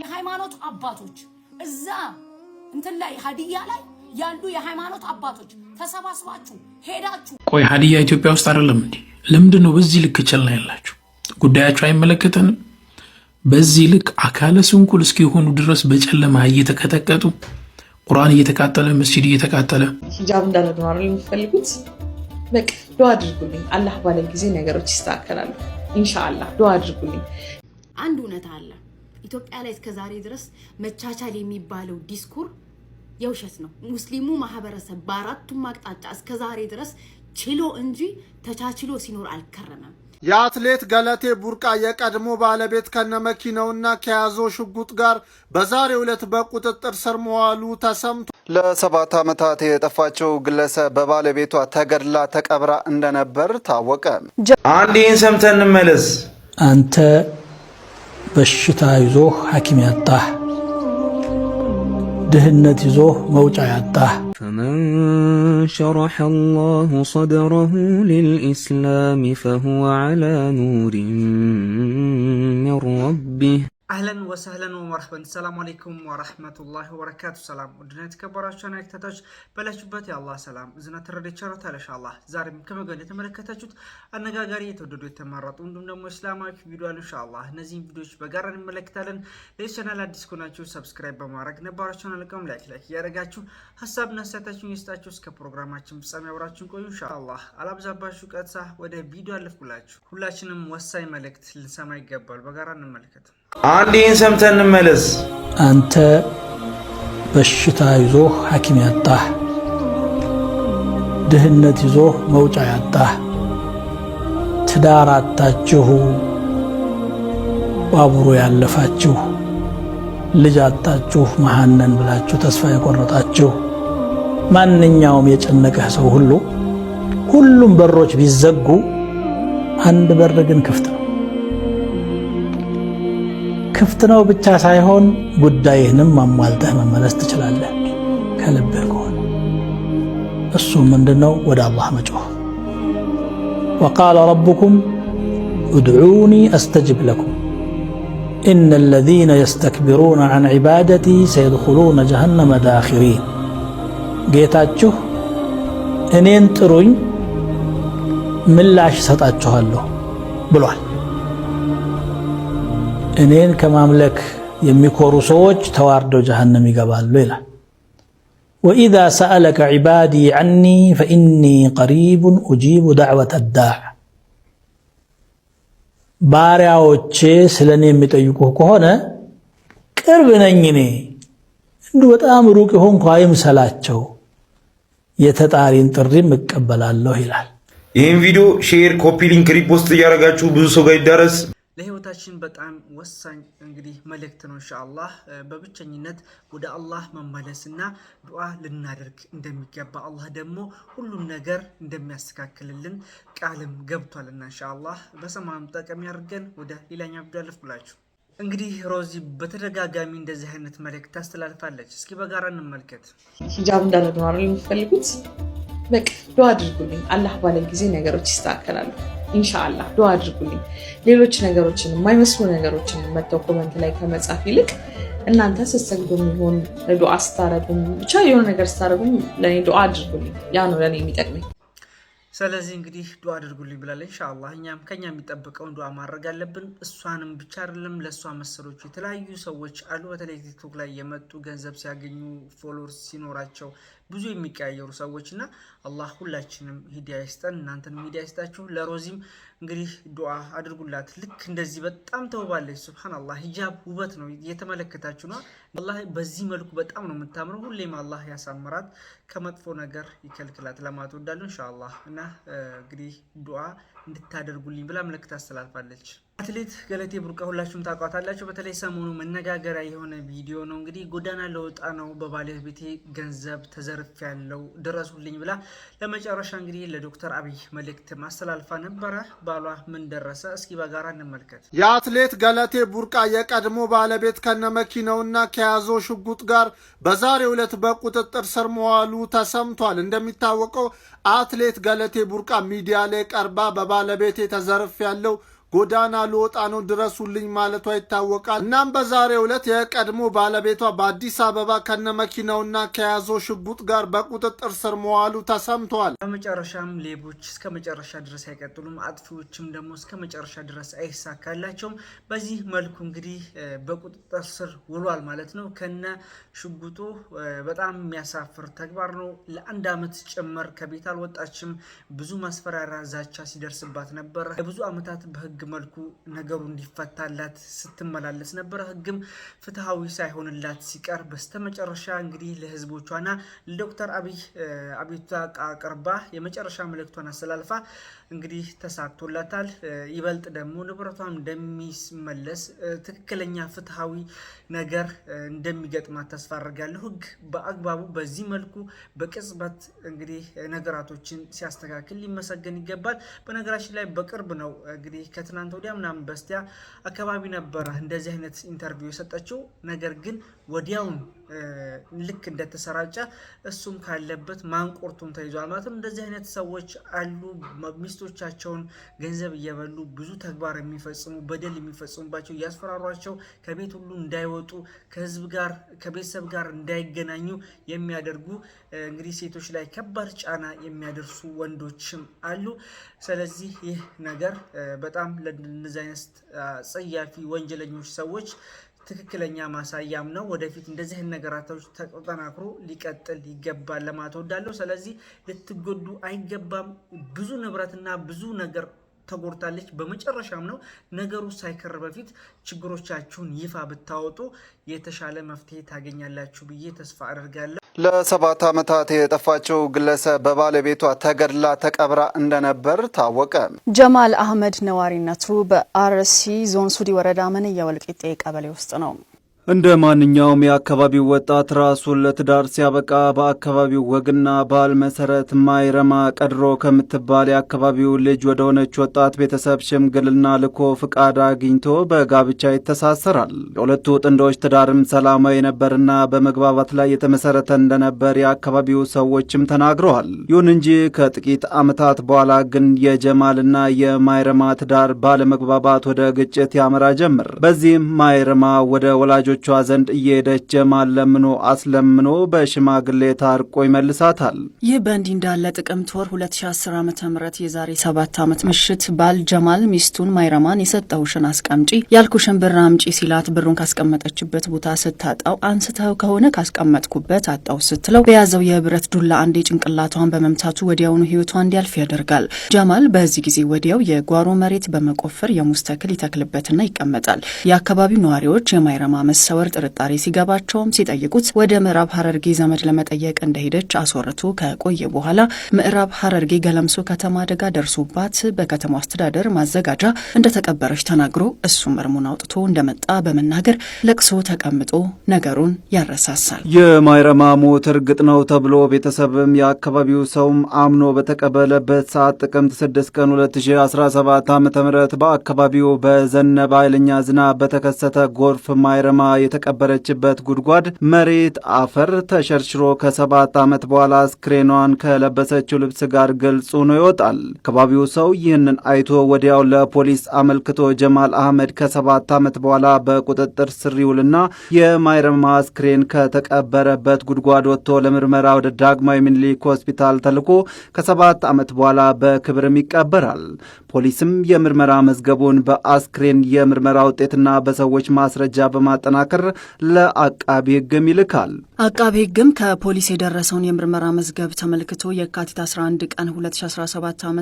የሃይማኖት አባቶች እዛ እንትን ላይ ሀዲያ ላይ ያሉ የሃይማኖት አባቶች ተሰባስባችሁ ሄዳችሁ ቆይ ሀዲያ ኢትዮጵያ ውስጥ አይደለም እንዴ? ለምንድን ነው በዚህ ልክ ችላ ያላችሁ? ጉዳያችሁ አይመለከተንም? በዚህ ልክ አካለ ስንኩል እስኪሆኑ ድረስ በጨለማ እየተቀጠቀጡ ቁርአን እየተቃጠለ መስጂድ እየተቃጠለ ሂጃብ እንዳለ ነው አይደል የምትፈልጉት? በቃ ዱዓ አድርጉልኝ። አላህ ባለ ጊዜ ነገሮች ይስተካከላሉ። ኢንሻአላህ ዱዓ አድርጉልኝ። አንድ እውነት አለ ኢትዮጵያ ላይ እስከዛሬ ድረስ መቻቻል የሚባለው ዲስኩር የውሸት ነው። ሙስሊሙ ማህበረሰብ በአራቱም አቅጣጫ እስከዛሬ ድረስ ችሎ እንጂ ተቻችሎ ሲኖር አልከረመም። የአትሌት ገለቴ ቡርቃ የቀድሞ ባለቤት ከነመኪናውና ከያዘው ሽጉጥ ጋር በዛሬ ዕለት በቁጥጥር ስር መዋሉ ተሰምቶ ለሰባት ዓመታት የጠፋቸው ግለሰብ በባለቤቷ ተገድላ ተቀብራ እንደነበር ታወቀ። አንድ ይህን ሰምተን እንመለስ አንተ በሽታ ይዞህ ሐኪም ያጣህ፣ ድህነት ይዞህ መውጫ ያጣህ فمن شرح الله صدره للإسلام فهو على نور من ربه አህለን ወሰህለን ወመርሐበን ሰላሙ አለይኩም ወረህመቱላሂ ወበረካቱ። ሰላም ውድና የተከበራችሁ ተከታታዮች በላችሁበት የአላህ ሰላም እዝነት ተረድኤት ቸርነት ዛሬም ከመገን የተመለከታችሁት አነጋጋሪ የተወደዱ የተመረጡ እንዲሁም ደግሞ እስላማዊ ቪዲዮዋል ኢንሻአላህ እነዚህን ቪዲዮዎች በጋራ እንመለከታለን። ለዚህ አዲስ ከሆናችሁ ሰብስክራይብ በማድረግ ነባራችሁን አልቀም ላይክ ላይክ እያደረጋችሁ ሀሳብና አስተያየታችሁን የስጣችሁ እስከ ፕሮግራማችን ፍጻሜ አብራችሁን ቆዩ። ኢንሻአላህ አላብዛባችሁ፣ ቀጥታ ወደ ቪዲዮ አለፍኩላችሁ። ሁላችንም ወሳኝ መልእክት ልንሰማ ይገባል። በጋራ እንመለከት። አንድ ይህን ሰምተን እንመለስ። አንተ በሽታ ይዞህ ሐኪም ያጣህ፣ ድህነት ይዞህ መውጫ ያጣህ፣ ትዳር አጣችሁ፣ ባቡሮ ያለፋችሁ፣ ልጅ አጣችሁ፣ መሐነን ብላችሁ ተስፋ የቆረጣችሁ ማንኛውም የጨነቀህ ሰው ሁሉ ሁሉም በሮች ቢዘጉ አንድ በር ግን ክፍት ነው። ክፍት ነው ብቻ ሳይሆን ጉዳይህንም አሟልተህ መመለስ ትችላለህ ከልብህ ከሆነ እሱ من ነው ወደ الله መጮህ وقال ربكم ادعوني استجب لكم إن الذين يستكبرون عن عبادتي سيدخلون جهنم داخرين قيتاتشو إنين تروين من لاش ستاتشو هلو بلوال እኔን ከማምለክ የሚኮሩ ሰዎች ተዋርደው ጀሀነም ይገባሉ ይላል። ወኢዛ ሰአለከ ዒባዲ ዐኒ ፈኢኒ ቀሪቡን ኡጂቡ ዳዕወተ ዳዕ ባሪያዎቼ ስለ እኔ ከሆነ ቅርብ ነኝ እኔ እንዱ በጣም ሩቅ የሆንኩ አይምሰላቸው የተጣሪን ጥሪም እቀበላለሁ ይላል። ይህን ቪዲዮ ሼር፣ ኮፒ ሊንክ፣ ሪፖስት እያደረጋችሁ ብዙ ሰው ጋር ይዳረስ። ለህይወታችን በጣም ወሳኝ እንግዲህ መልእክት ነው። እንሻአላህ በብቸኝነት ወደ አላህ መመለስና ዱዓ ልናደርግ እንደሚገባ አላህ ደግሞ ሁሉም ነገር እንደሚያስተካክልልን ቃልም ገብቷልና እንሻአላህ በሰማም ጠቀም ያድርገን። ወደ ሌላኛ ጉዳይ አለፍ ብላችሁ እንግዲህ ሮዚ በተደጋጋሚ እንደዚህ አይነት መልእክት ታስተላልፋለች። እስኪ በጋራ እንመልከት። ሂጃብ እንዳደረግ ነው የምትፈልጉት በቃ ዱዓ አድርጉልኝ። አላህ ባለ ጊዜ ነገሮች ይስተካከላሉ። ኢንሻአላ ዱዓ አድርጉልኝ። ሌሎች ነገሮችን የማይመስሉ ነገሮችን መተው ኮመንት ላይ ከመጻፍ ይልቅ እናንተ ስሰግዶ የሚሆን ዱዓ ስታረጉም ብቻ የሆነ ነገር ስታረጉም ለእኔ ዱዓ አድርጉልኝ። ያ ነው ለእኔ የሚጠቅመኝ። ስለዚህ እንግዲህ ዱዓ አድርጉልኝ ብላለች። ኢንሻአላህ እኛም ከኛ የሚጠበቀውን ዱዓ ማድረግ አለብን። እሷንም ብቻ አይደለም ለእሷ መሰሎች የተለያዩ ሰዎች አሉ። በተለይ ቲክቶክ ላይ የመጡ ገንዘብ ሲያገኙ ፎሎወር ሲኖራቸው ብዙ የሚቀያየሩ ሰዎች እና አላህ ሁላችንም ሂዳያ ይስጠን፣ እናንተንም ሂዳያ ይስጣችሁ። ለሮዚም እንግዲህ ዱዓ አድርጉላት። ልክ እንደዚህ በጣም ተውባለች። ሱብሃነላህ ሂጃብ ውበት ነው። እየተመለከታችሁ ነ አላህ በዚህ መልኩ በጣም ነው የምታምረው። ሁሌም አላህ ያሳምራት፣ ከመጥፎ ነገር ይከልክላት ለማለት ወዳለሁ። እንሻ እና እንግዲህ ዱዓ እንድታደርጉልኝ ብላ ምልክት አስተላልፋለች። አትሌት ገለቴ ቡርቃ ሁላችሁም ታውቋታላችሁ። በተለይ ሰሞኑ መነጋገሪያ የሆነ ቪዲዮ ነው። እንግዲህ ጎዳና ለወጣ ነው በባለቤቴ ገንዘብ ተዘርፍ ያለው ድረሱልኝ ብላ ለመጨረሻ እንግዲህ ለዶክተር አብይ መልእክት ማስተላልፋ ነበረ። ባሏ ምን ደረሰ? እስኪ በጋራ እንመልከት። የአትሌት ገለቴ ቡርቃ የቀድሞ ባለቤት ከነመኪናውና ከያዘው ሽጉጥ ጋር በዛሬ ዕለት በቁጥጥር ስር መዋሉ ተሰምቷል። እንደሚታወቀው አትሌት ገለቴ ቡርቃ ሚዲያ ላይ ቀርባ በባለቤቴ ተዘርፍ ያለው ጎዳና ልወጣ ነው ድረሱልኝ ማለቷ ይታወቃል። እናም በዛሬው ዕለት የቀድሞ ባለቤቷ በአዲስ አበባ ከነመኪናውና ከያዘው ሽጉጥ ጋር በቁጥጥር ስር መዋሉ ተሰምቷል። በመጨረሻም ሌቦች እስከ መጨረሻ ድረስ አይቀጥሉም፣ አጥፊዎችም ደግሞ እስከ መጨረሻ ድረስ አይሳካላቸውም። በዚህ መልኩ እንግዲህ በቁጥጥር ስር ውሏል ማለት ነው ከነ ሽጉጡ። በጣም የሚያሳፍር ተግባር ነው። ለአንድ ዓመት ጭምር ከቤት አልወጣችም። ብዙ ማስፈራሪያ ዛቻ ሲደርስባት ነበረ። ለብዙ ዓመታት በህግ በህግ መልኩ ነገሩ እንዲፈታላት ስትመላለስ ነበረ። ህግም ፍትሐዊ ሳይሆንላት ሲቀር በስተመጨረሻ እንግዲህ ለህዝቦቿና ለዶክተር አብይ አቤቱታ አቅርባ የመጨረሻ መልእክቷን አስተላልፋ እንግዲህ ተሳክቶላታል። ይበልጥ ደግሞ ንብረቷን እንደሚመለስ ትክክለኛ ፍትሐዊ ነገር እንደሚገጥማት ተስፋ አድርጋለሁ። ህግ በአግባቡ በዚህ መልኩ በቅጽበት እንግዲህ ነገራቶችን ሲያስተካክል ሊመሰገን ይገባል። በነገራችን ላይ በቅርብ ነው እንግዲህ ከትናንት ወዲያ ምናምን በስቲያ አካባቢ ነበረ እንደዚህ አይነት ኢንተርቪው የሰጠችው ነገር ግን ወዲያውን ልክ እንደተሰራጨ እሱም ካለበት ማንቆርቱም ተይዟል ማለትም እንደዚህ አይነት ሰዎች አሉ። ሚስቶቻቸውን ገንዘብ እየበሉ ብዙ ተግባር የሚፈጽሙ በደል የሚፈጽሙባቸው እያስፈራሯቸው ከቤት ሁሉ እንዳይወጡ ከህዝብ ጋር ከቤተሰብ ጋር እንዳይገናኙ የሚያደርጉ እንግዲህ ሴቶች ላይ ከባድ ጫና የሚያደርሱ ወንዶችም አሉ። ስለዚህ ይህ ነገር በጣም ለእነዚህ አይነት ጸያፊ ወንጀለኞች ሰዎች ትክክለኛ ማሳያም ነው። ወደፊት እንደዚህ አይነት ነገራቶች ተጠናክሮ ሊቀጥል ይገባል ለማለት እወዳለሁ። ስለዚህ ልትጎዱ አይገባም። ብዙ ንብረትና ብዙ ነገር ተጎድታለች። በመጨረሻም ነው ነገሩ ሳይከር በፊት ችግሮቻችሁን ይፋ ብታወጡ የተሻለ መፍትሄ ታገኛላችሁ ብዬ ተስፋ አደርጋለሁ። ለሰባት ዓመታት የጠፋችው ግለሰብ በባለቤቷ ተገድላ ተቀብራ እንደነበር ታወቀ። ጀማል አህመድ ነዋሪነቱ በአርሲ ዞን ሱዲ ወረዳ መንያ ወልቂጤ ቀበሌ ውስጥ ነው። እንደ ማንኛውም የአካባቢው ወጣት ራሱን ለትዳር ሲያበቃ በአካባቢው ወግና ባህል መሰረት ማይረማ ቀድሮ ከምትባል የአካባቢው ልጅ ወደ ሆነች ወጣት ቤተሰብ ሽምግልና ልኮ ፍቃድ አግኝቶ በጋብቻ ይተሳሰራል። የሁለቱ ጥንዶች ትዳርም ሰላማዊ ነበርና በመግባባት ላይ የተመሰረተ እንደነበር የአካባቢው ሰዎችም ተናግረዋል። ይሁን እንጂ ከጥቂት ዓመታት በኋላ ግን የጀማልና የማይረማ ትዳር ባለመግባባት ወደ ግጭት ያመራ ጀምር። በዚህም ማይረማ ወደ ወላጆ በወላጆቿ ዘንድ እየሄደች ጀማል ለምኖ አስለምኖ በሽማግሌ ታርቆ ይመልሳታል። ይህ በእንዲህ እንዳለ ጥቅምት ወር 2010 ዓ ም የዛሬ ሰባት ዓመት ምሽት ባል ጀማል ሚስቱን ማይረማን የሰጠውሽን አስቀምጪ ያልኩሽን ብር አምጪ ሲላት ብሩን ካስቀመጠችበት ቦታ ስታጣው አንስተው ከሆነ ካስቀመጥኩበት አጣው ስትለው በያዘው የብረት ዱላ አንዴ ጭንቅላቷን በመምታቱ ወዲያውኑ ህይወቷ እንዲያልፍ ያደርጋል። ጀማል በዚህ ጊዜ ወዲያው የጓሮ መሬት በመቆፈር የሙዝ ተክል ይተክልበትና ይቀመጣል። የአካባቢው ነዋሪዎች የማይረማ መስ መሰወር ጥርጣሬ ሲገባቸውም ሲጠይቁት ወደ ምዕራብ ሐረርጌ ዘመድ ለመጠየቅ እንደሄደች አስወርቱ ከቆየ በኋላ ምዕራብ ሐረርጌ ገለምሶ ከተማ አደጋ ደርሶባት በከተማ አስተዳደር ማዘጋጃ እንደተቀበረች ተናግሮ እሱም እርሙን አውጥቶ እንደመጣ በመናገር ለቅሶ ተቀምጦ ነገሩን ያረሳሳል። የማይረማ ሞት እርግጥ ነው ተብሎ ቤተሰብም የአካባቢው ሰውም አምኖ በተቀበለበት ሰዓት ጥቅምት 6 ቀን 2017 ዓ ም በአካባቢው በዘነበ ኃይለኛ ዝናብ በተከሰተ ጎርፍ ማይረማ የተቀበረችበት ጉድጓድ መሬት አፈር ተሸርሽሮ ከሰባት ዓመት በኋላ አስክሬኗን ከለበሰችው ልብስ ጋር ግልጽ ሆኖ ይወጣል። ከባቢው ሰው ይህንን አይቶ ወዲያው ለፖሊስ አመልክቶ ጀማል አህመድ ከሰባት ዓመት በኋላ በቁጥጥር ስር ይውልና የማይረማ አስክሬን ከተቀበረበት ጉድጓድ ወጥቶ ለምርመራ ወደ ዳግማዊ ምኒልክ ሆስፒታል ተልኮ ከሰባት ዓመት በኋላ በክብርም ይቀበራል። ፖሊስም የምርመራ መዝገቡን በአስክሬን የምርመራ ውጤትና በሰዎች ማስረጃ በማጠና ለማጠናከር ለአቃቢ ህግም ይልካል። አቃቢ ህግም ከፖሊስ የደረሰውን የምርመራ መዝገብ ተመልክቶ የካቲት 11 ቀን 2017 ዓ ም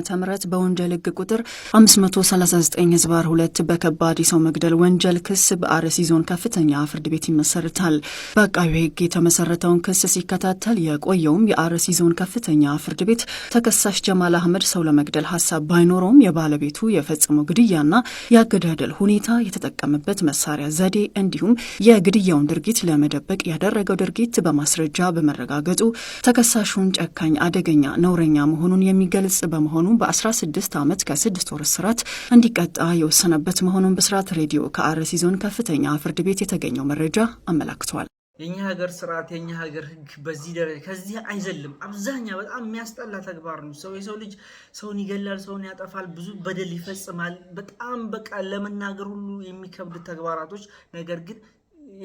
በወንጀል ህግ ቁጥር 539 ህዝባር 2 በከባድ የሰው መግደል ወንጀል ክስ በአርሲ ዞን ከፍተኛ ፍርድ ቤት ይመሰርታል። በአቃቢ ህግ የተመሰረተውን ክስ ሲከታተል የቆየውም የአርሲ ዞን ከፍተኛ ፍርድ ቤት ተከሳሽ ጀማል አህመድ ሰው ለመግደል ሀሳብ ባይኖረውም የባለቤቱ የፈጸመው ግድያና የአገዳደል ሁኔታ የተጠቀመበት መሳሪያ ዘዴ እንዲሁም የግድያውን ድርጊት ለመደበቅ ያደረገው ድርጊት በማስረጃ በመረጋገጡ ተከሳሹን ጨካኝ፣ አደገኛ፣ ነውረኛ መሆኑን የሚገልጽ በመሆኑ በ16 ዓመት ከስድስት ወር እስራት እንዲቀጣ የወሰነበት መሆኑን ብስራት ሬዲዮ ከአርሲ ዞን ከፍተኛ ፍርድ ቤት የተገኘው መረጃ አመላክቷል። የኛ ሀገር ስርዓት የኛ ሀገር ህግ በዚህ ደረጃ ከዚህ አይዘልም። አብዛኛ በጣም የሚያስጠላ ተግባር ነው። ሰው የሰው ልጅ ሰውን ይገላል፣ ሰውን ያጠፋል፣ ብዙ በደል ይፈጽማል። በጣም በቃ ለመናገር ሁሉ የሚከብድ ተግባራቶች ነገር ግን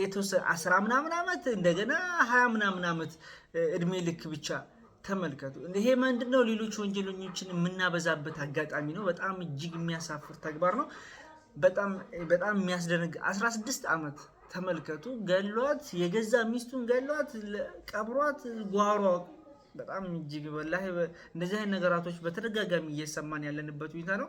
የተወሰነ አስራ ምናምን ዓመት እንደገና ሀያ ምናምን ዓመት እድሜ ልክ ብቻ ተመልከቱ። ይሄ ምንድን ነው? ሌሎች ወንጀለኞችን የምናበዛበት አጋጣሚ ነው። በጣም እጅግ የሚያሳፍር ተግባር ነው። በጣም በጣም የሚያስደነግ 16 ዓመት ተመልከቱ። ገሏት፣ የገዛ ሚስቱን ገሏት፣ ቀብሯት፣ ጓሯ በጣም እጅግ በላ እንደዚህ አይነት ነገራቶች በተደጋጋሚ እየሰማን ያለንበት ሁኔታ ነው።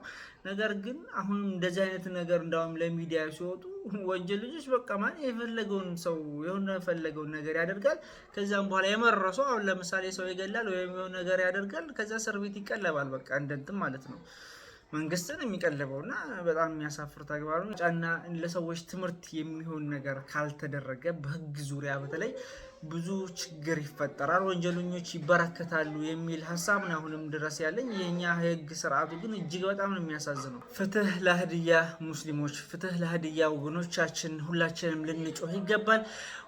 ነገር ግን አሁን እንደዚህ አይነት ነገር እንዳውም ለሚዲያ ሲወጡ ወንጀል ልጆች በቃ ማን የፈለገውን ሰው የሆነ የፈለገውን ነገር ያደርጋል። ከዚያም በኋላ ሰው አሁን ለምሳሌ ሰው ይገላል ወይም የሆነ ነገር ያደርጋል። ከዚያ እስር ቤት ይቀለባል። በቃ እንደንትም ማለት ነው መንግስትን የሚቀልበው እና በጣም የሚያሳፍር ተግባር ነው። ጫና ለሰዎች ትምህርት የሚሆን ነገር ካልተደረገ በህግ ዙሪያ በተለይ ብዙ ችግር ይፈጠራል፣ ወንጀለኞች ይበረከታሉ የሚል ሀሳብ ነው አሁንም ድረስ ያለኝ። የእኛ ህግ ስርዓቱ ግን እጅግ በጣም ነው የሚያሳዝነው። ፍትህ ለሀዲያ ሙስሊሞች፣ ፍትህ ለሀዲያ ወገኖቻችን፣ ሁላችንም ልንጮህ ይገባል።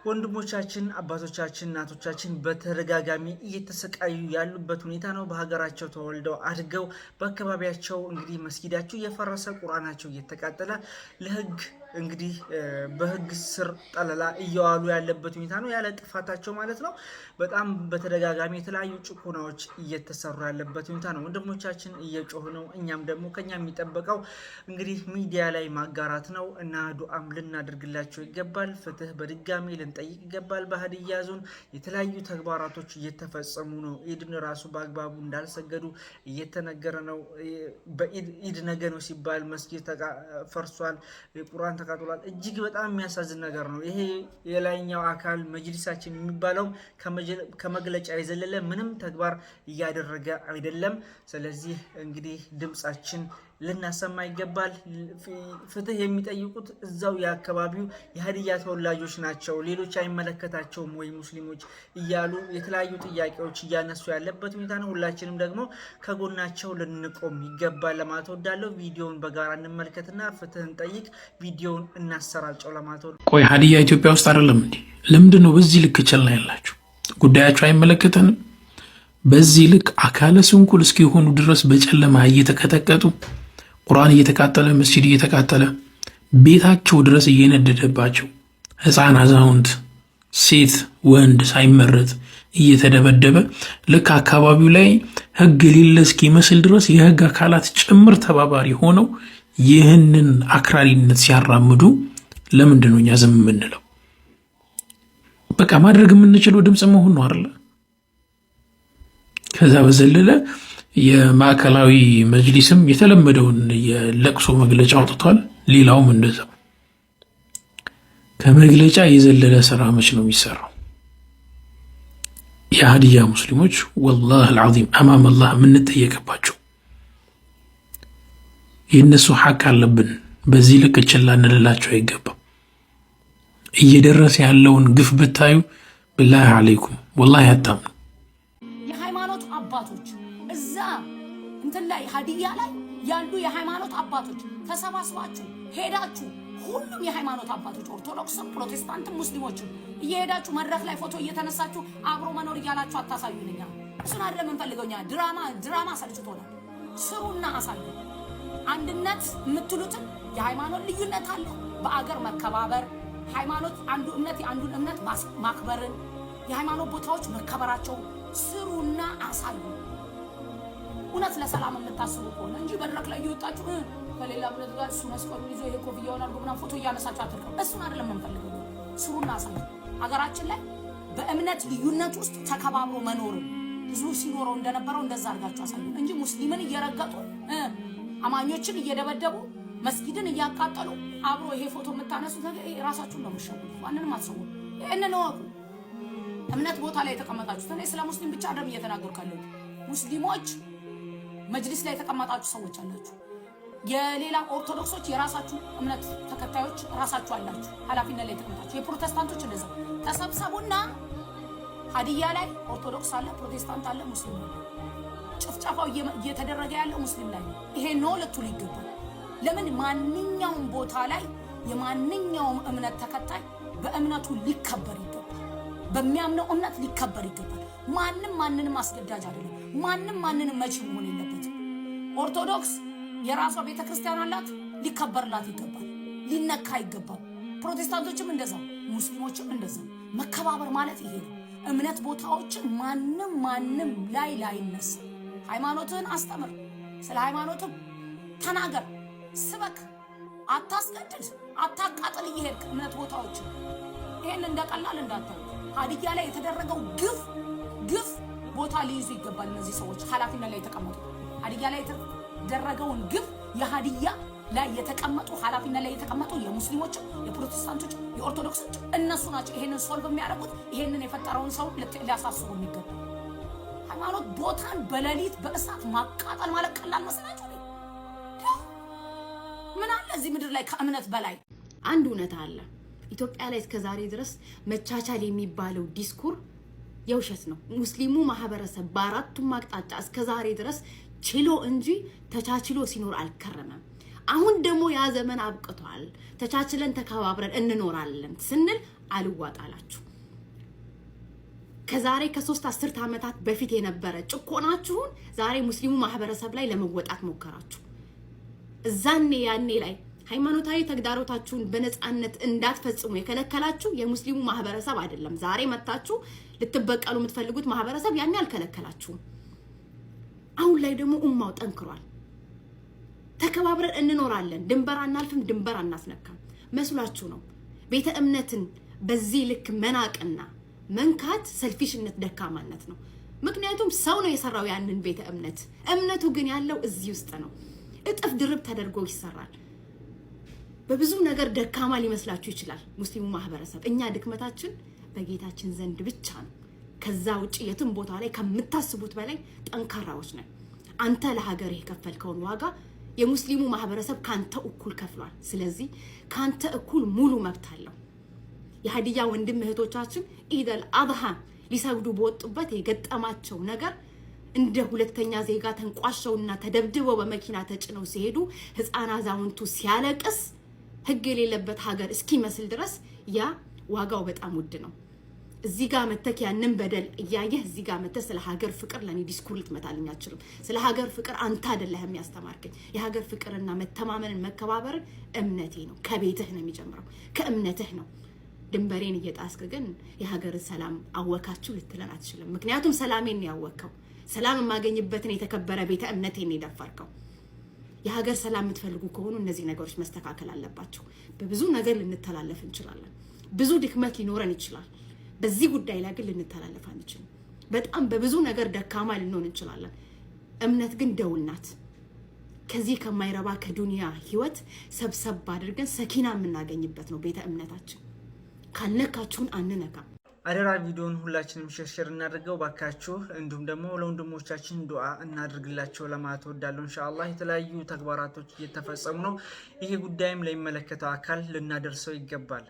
ወንድሞቻችን፣ አባቶቻችን፣ እናቶቻችን በተደጋጋሚ እየተሰቃዩ ያሉበት ሁኔታ ነው። በሀገራቸው ተወልደው አድገው በአካባቢያቸው እንግዲህ መስጊዳቸው እየፈረሰ ቁርአናቸው እየተቃጠለ ለህግ እንግዲህ በህግ ስር ጠለላ እየዋሉ ያለበት ሁኔታ ነው፣ ያለ ጥፋታቸው ማለት ነው። በጣም በተደጋጋሚ የተለያዩ ጭቆናዎች እየተሰሩ ያለበት ሁኔታ ነው። ወንድሞቻችን እየጮሁ ነው። እኛም ደግሞ ከኛ የሚጠበቀው እንግዲህ ሚዲያ ላይ ማጋራት ነው እና ዱአም ልናደርግላቸው ይገባል። ፍትህ በድጋሚ ልንጠይቅ ይገባል። በሀዲያ ዞን የተለያዩ ተግባራቶች እየተፈጸሙ ነው። ኢድን ራሱ በአግባቡ እንዳልሰገዱ እየተነገረ ነው። በኢድ ነገ ነው ሲባል መስጊድ ፈርሷል። ቁርአን ተቃጥሏል። እጅግ በጣም የሚያሳዝን ነገር ነው። ይሄ የላይኛው አካል መጅሊሳችን የሚባለው ከመግለጫ የዘለለ ምንም ተግባር እያደረገ አይደለም። ስለዚህ እንግዲህ ድምጻችን ልናሰማ ይገባል። ፍትህ የሚጠይቁት እዛው የአካባቢው የሀዲያ ተወላጆች ናቸው፣ ሌሎች አይመለከታቸውም ወይ ሙስሊሞች እያሉ የተለያዩ ጥያቄዎች እያነሱ ያለበት ሁኔታ ነው። ሁላችንም ደግሞ ከጎናቸው ልንቆም ይገባል ለማለት ወዳለው ቪዲዮውን በጋራ እንመልከትና ፍትህ እንጠይቅ፣ ቪዲዮውን እናሰራጨው ለማለት ወ ቆይ ሀዲያ ኢትዮጵያ ውስጥ አይደለም እንዴ? ለምንድን ነው በዚህ ልክ ችላ ያላችሁ? ጉዳያቸው አይመለከተንም? በዚህ ልክ አካለ ስንኩል እስኪሆኑ ድረስ በጨለማ እየተቀጠቀጡ ቁርአን እየተቃጠለ መስጂድ እየተቃጠለ ቤታቸው ድረስ እየነደደባቸው ህፃን አዛውንት፣ ሴት ወንድ ሳይመረጥ እየተደበደበ ልክ አካባቢው ላይ ህግ የሌለ እስኪመስል ድረስ የህግ አካላት ጭምር ተባባሪ ሆነው ይህንን አክራሪነት ሲያራምዱ ለምንድን ነው እኛ ዝም የምንለው? በቃ ማድረግ የምንችለው ድምፅ መሆን ነው አለ ከዛ በዘለለ የማዕከላዊ መጅሊስም የተለመደውን የለቅሶ መግለጫ አውጥቷል። ሌላውም እንደዛ። ከመግለጫ የዘለለ ስራ መች ነው የሚሰራው? የሀዲያ ሙስሊሞች ወላህ አልዓዚም አማም አላህ የምንጠየቅባቸው የእነሱ ሐቅ አለብን። በዚህ ልክ ችላ እንልላቸው አይገባም። እየደረሰ ያለውን ግፍ ብታዩ ብላህ አለይኩም ወላህ አታምኑ። ላይ ሀዲያ ላይ ያሉ የሃይማኖት አባቶች ተሰባስባችሁ ሄዳችሁ ሁሉም የሃይማኖት አባቶች ኦርቶዶክስም፣ ፕሮቴስታንትም፣ ሙስሊሞችም እየሄዳችሁ መድረክ ላይ ፎቶ እየተነሳችሁ አብሮ መኖር እያላችሁ አታሳዩንኛ። እሱን አይደለም የምንፈልገው ድራማ ድራማ ሰልችቶናል። ስሩና አሳዩ። አንድነት የምትሉትን የሃይማኖት ልዩነት አለ። በአገር መከባበር ሃይማኖት አንዱ እምነት የአንዱን እምነት ማክበርን የሃይማኖት ቦታዎች መከበራቸው ስሩና አሳዩ። እውነት ለሰላም የምታስቡ ከሆነ እንጂ መድረክ ላይ እየወጣችሁ ከሌላ እምነት ጋር እሱ መስቀሉን ይዞ ይሄ ኮፍያውን አድርጎ ምናምን ፎቶ እያነሳችሁ አትልቀው። እሱን አይደለም የምንፈልገው። ስሩና ሰ ሀገራችን ላይ በእምነት ልዩነት ውስጥ ተከባብሮ መኖር ብዙ ሲኖረው እንደነበረው እንደዛ አድርጋችሁ አሳዩ እንጂ ሙስሊምን እየረገጡ አማኞችን እየደበደቡ መስጊድን እያቃጠሉ አብሮ ይሄ ፎቶ የምታነሱ ራሳችሁን ነው የምሸጉ። ማንንም አትሰው። ይህንን እወቁ። እምነት ቦታ ላይ የተቀመጣችሁ እኔ ስለ ሙስሊም ብቻ አይደለም እየተናገርኩ ያለሁት ሙስሊሞች መጅሊስ ላይ የተቀመጣችሁ ሰዎች አላችሁ። የሌላ ኦርቶዶክሶች የራሳችሁ እምነት ተከታዮች ራሳችሁ አላችሁ፣ ኃላፊነት ላይ ተቀምጣችሁ። የፕሮቴስታንቶች እንደዛ ተሰብሰቡና ሀዲያ ላይ ኦርቶዶክስ አለ፣ ፕሮቴስታንት አለ፣ ሙስሊም አለ። ጭፍጨፋው እየተደረገ ያለው ሙስሊም ላይ ነው። ይሄ ነው ልትሉ ይገባል። ለምን ማንኛውም ቦታ ላይ የማንኛውም እምነት ተከታይ በእምነቱ ሊከበር ይገባል። በሚያምነው እምነት ሊከበር ይገባል። ማንም ማንንም አስገዳጅ አይደለም። ማንም ማንንም መቺ መሆን ኦርቶዶክስ የራሷ ቤተ ክርስቲያን አላት፣ ሊከበርላት ይገባል፣ ሊነካ ይገባል። ፕሮቴስታንቶችም እንደዛ፣ ሙስሊሞችም እንደዛ። መከባበር ማለት ይሄ ነው። እምነት ቦታዎችን ማንም ማንም ላይ ላይነሳ፣ ሃይማኖትህን አስተምር፣ ስለ ሃይማኖትም ተናገር፣ ስበክ፣ አታስገድድ፣ አታቃጥል እየሄድክ እምነት ቦታዎችን። ይህን እንደቀላል እንዳታዩ። ሀዲያ ላይ የተደረገው ግፍ ግፍ ቦታ ሊይዙ ይገባል። እነዚህ ሰዎች ኃላፊነት ላይ የተቀመጡ ሀዲያ ላይ የተደረገውን ግፍ የሀዲያ ላይ የተቀመጡ ኃላፊነት ላይ የተቀመጡ የሙስሊሞች፣ የፕሮቴስታንቶች፣ የኦርቶዶክሶች እነሱ ናቸው ይሄንን ሶልቭ የሚያደርጉት ይሄንን የፈጠረውን ሰው ሊያሳስቡ የሚገቡ ሃይማኖት ቦታን በሌሊት በእሳት ማቃጠል ማለት ቀላል መስላችሁ ምን አለ እዚህ ምድር ላይ ከእምነት በላይ አንድ እውነት አለ። ኢትዮጵያ ላይ እስከዛሬ ድረስ መቻቻል የሚባለው ዲስኩር የውሸት ነው። ሙስሊሙ ማህበረሰብ በአራቱም አቅጣጫ እስከ ዛሬ ድረስ ችሎ እንጂ ተቻችሎ ሲኖር አልከረመም። አሁን ደግሞ ያ ዘመን አብቅቷል። ተቻችለን ተከባብረን እንኖራለን ስንል አልዋጣላችሁ። ከዛሬ ከሶስት አስርት ዓመታት በፊት የነበረ ጭቆናችሁን ዛሬ ሙስሊሙ ማህበረሰብ ላይ ለመወጣት ሞከራችሁ። እዛኔ ያኔ ላይ ሃይማኖታዊ ተግዳሮታችሁን በነፃነት እንዳትፈጽሙ የከለከላችሁ የሙስሊሙ ማህበረሰብ አይደለም። ዛሬ መታችሁ ልትበቀሉ የምትፈልጉት ማህበረሰብ ያኔ አልከለከላችሁም። አሁን ላይ ደግሞ ኡማው ጠንክሯል። ተከባብረን እንኖራለን። ድንበር አናልፍም፣ ድንበር አናስነካም። መስሏችሁ ነው? ቤተ እምነትን በዚህ ልክ መናቅና መንካት ሰልፊሽነት፣ ደካማነት ነው። ምክንያቱም ሰው ነው የሰራው ያንን ቤተ እምነት። እምነቱ ግን ያለው እዚህ ውስጥ ነው። እጥፍ ድርብ ተደርጎ ይሰራል። በብዙ ነገር ደካማ ሊመስላችሁ ይችላል ሙስሊሙ ማህበረሰብ። እኛ ድክመታችን በጌታችን ዘንድ ብቻ ነው። ከዛ ውጭ የትም ቦታ ላይ ከምታስቡት በላይ ጠንካራዎች ነን። አንተ ለሀገር የከፈልከውን ዋጋ የሙስሊሙ ማህበረሰብ ከአንተ እኩል ከፍሏል። ስለዚህ ከአንተ እኩል ሙሉ መብት አለው። የሀዲያ ወንድም እህቶቻችን ኢደል አድሃ ሊሰግዱ በወጡበት የገጠማቸው ነገር እንደ ሁለተኛ ዜጋ ተንቋሸውና ተደብድበው በመኪና ተጭነው ሲሄዱ ህፃን አዛውንቱ ሲያለቅስ ህግ የሌለበት ሀገር እስኪመስል ድረስ ያ ዋጋው በጣም ውድ ነው። እዚህ ጋር መተክ ያንን በደል እያየህ እዚህ ጋር መተህ ስለ ሀገር ፍቅር ለእኔ ዲስኩር ልትመታልኝ አችልም። ስለ ሀገር ፍቅር አንተ አይደለህም ያስተማርከኝ። የሀገር ፍቅርና መተማመንን መከባበርን እምነቴ ነው። ከቤትህ ነው የሚጀምረው፣ ከእምነትህ ነው። ድንበሬን እየጣስክ ግን የሀገርን ሰላም አወካችሁ ልትለን አትችልም። ምክንያቱም ሰላሜን ያወከው ሰላም የማገኝበትን የተከበረ ቤተ እምነቴን የደፈርከው። የሀገር ሰላም የምትፈልጉ ከሆኑ እነዚህ ነገሮች መስተካከል አለባቸው። በብዙ ነገር ልንተላለፍ እንችላለን። ብዙ ድክመት ሊኖረን ይችላል። በዚህ ጉዳይ ላይ ግን ልንተላለፍ አንችልም። በጣም በብዙ ነገር ደካማ ልንሆን እንችላለን። እምነት ግን ደውናት ከዚህ ከማይረባ ከዱንያ ህይወት ሰብሰብ አድርገን ሰኪና የምናገኝበት ነው ቤተ እምነታችን። ካልነካችሁን አንነካም። አደራ ቪዲዮን ሁላችንም ሸርሸር እናደርገው ባካችሁ። እንዲሁም ደግሞ ለወንድሞቻችን ዱዓ እናደርግላቸው ለማለት ወዳለሁ። እንሻላ የተለያዩ ተግባራቶች እየተፈጸሙ ነው። ይሄ ጉዳይም ለሚመለከተው አካል ልናደርሰው ይገባል።